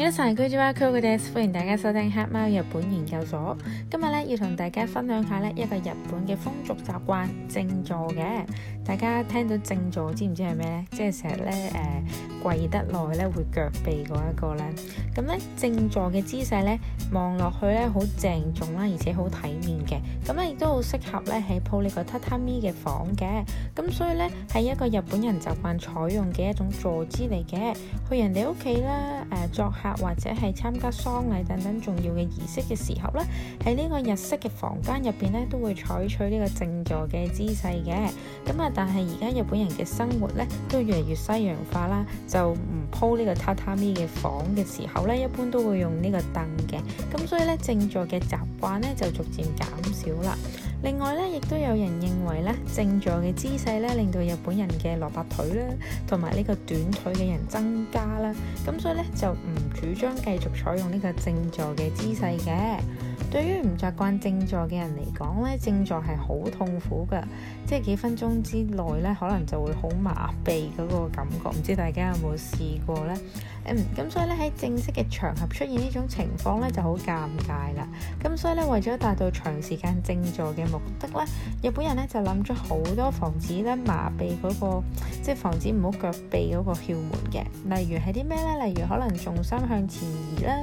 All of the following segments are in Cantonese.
晚上好，主播 Coldness，歡迎大家收聽黑貓日本研究所。今日咧要同大家分享下咧一個日本嘅風俗習慣正座嘅。大家聽到正座，知唔知係咩咧？即係成日咧誒跪得耐咧會腳痹嗰一個咧。咁咧正座嘅姿勢咧望落去咧好鄭重啦，而且好體面嘅。咁咧亦都好適合咧喺鋪呢個榻榻米嘅房嘅。咁所以咧係一個日本人習慣採用嘅一種坐姿嚟嘅。去人哋屋企啦，誒坐下，或者係參加喪禮等等重要嘅儀式嘅時候咧，喺呢個日式嘅房間入邊咧，都會採取呢個正座嘅姿勢嘅。咁啊，但係而家日本人嘅生活咧，都越嚟越西洋化啦，就唔鋪呢個榻榻米嘅房嘅時候咧，一般都會用呢個凳嘅。咁所以咧，正座嘅習慣咧，就逐漸減少啦。另外咧，亦都有人認為咧，正座嘅姿勢咧，令到日本人嘅蘿蔔腿啦，同埋呢個短腿嘅人增加啦，咁所以咧，就唔主張繼續採用呢個正座嘅姿勢嘅。對於唔習慣正座嘅人嚟講呢，正座係好痛苦㗎，即係幾分鐘之內呢，可能就會好麻痹嗰個感覺。唔知大家有冇試過呢？咁、嗯、所以咧，喺正式嘅場合出現呢種情況呢，就好尷尬啦。咁所以呢，為咗達到長時間正座嘅目的呢，日本人呢就諗咗好多防止咧麻痹嗰、那個，即係防止唔好腳痹嗰個竅門嘅。例如係啲咩呢？例如可能重心向前移啦。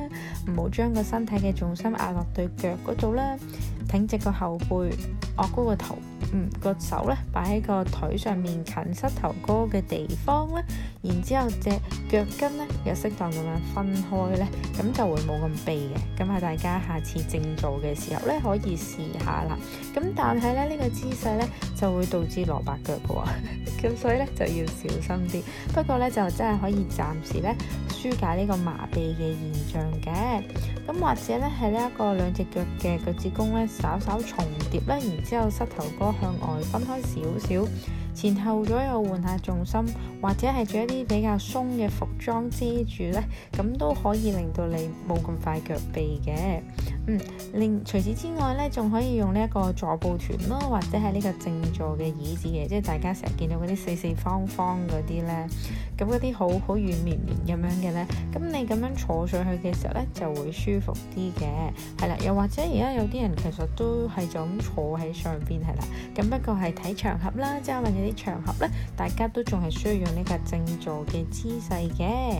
唔好將個身體嘅重心壓落對腳嗰度啦，挺直個後背，昂高個頭，嗯，個手咧擺喺個腿上面近膝頭哥嘅地方啦，然之後隻腳跟咧又適當咁樣分開咧，咁就會冇咁痹嘅。咁喺大家下次正座嘅時候咧，可以試下啦。咁但係咧呢、這個姿勢咧。就會導致蘿蔔腳嘅喎，咁 所以咧就要小心啲。不過咧就真係可以暫時咧舒解呢個麻痹嘅現象嘅。咁或者咧係呢一個兩隻腳嘅腳趾公咧稍稍重疊咧，然之後膝頭哥向外分開少少。前後左右換下重心，或者係着一啲比較鬆嘅服裝遮住呢，咁都可以令到你冇咁快腳痹嘅。嗯，另除此之外呢，仲可以用呢一個座布團咯，或者係呢個正座嘅椅子嘅，即係大家成日見到嗰啲四四方方嗰啲呢，咁嗰啲好好軟綿綿咁樣嘅呢。咁你咁樣坐上去嘅時候呢，就會舒服啲嘅。係啦，又或者而家有啲人其實都係就咁坐喺上邊係啦，咁不過係睇場合啦，即係問嘅啲場合咧，大家都仲係需要用呢個正座嘅姿勢嘅。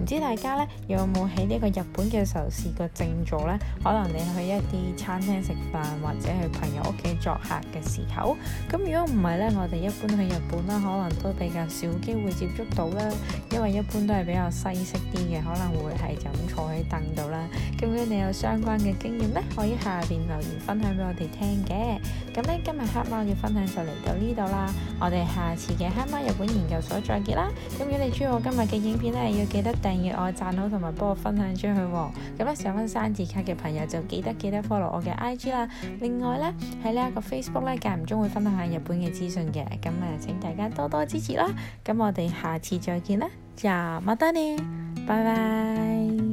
唔知大家咧，有冇喺呢個日本嘅時候試過正座呢？可能你去一啲餐廳食飯，或者去朋友屋企作客嘅時候，咁如果唔係呢，我哋一般去日本啦，可能都比較少機會接觸到啦。因為一般都係比較西式啲嘅，可能會係就咁坐喺凳度啦。咁如果你有相關嘅經驗呢，可以下邊留言分享俾我哋聽嘅。咁呢，今日黑貓嘅分享就嚟到呢度啦。我哋下次嘅香港日本研究所再見啦！咁如果你中意我今日嘅影片咧，要記得訂閱我、讚好同埋幫我分享出去喎。咁咧上返單字卡嘅朋友就記得記得 follow 我嘅 IG 啦。另外咧喺呢一個 Facebook 咧間唔中會分享下日本嘅資訊嘅，咁啊請大家多多支持啦！咁我哋下次再見啦，就冇得你，拜拜。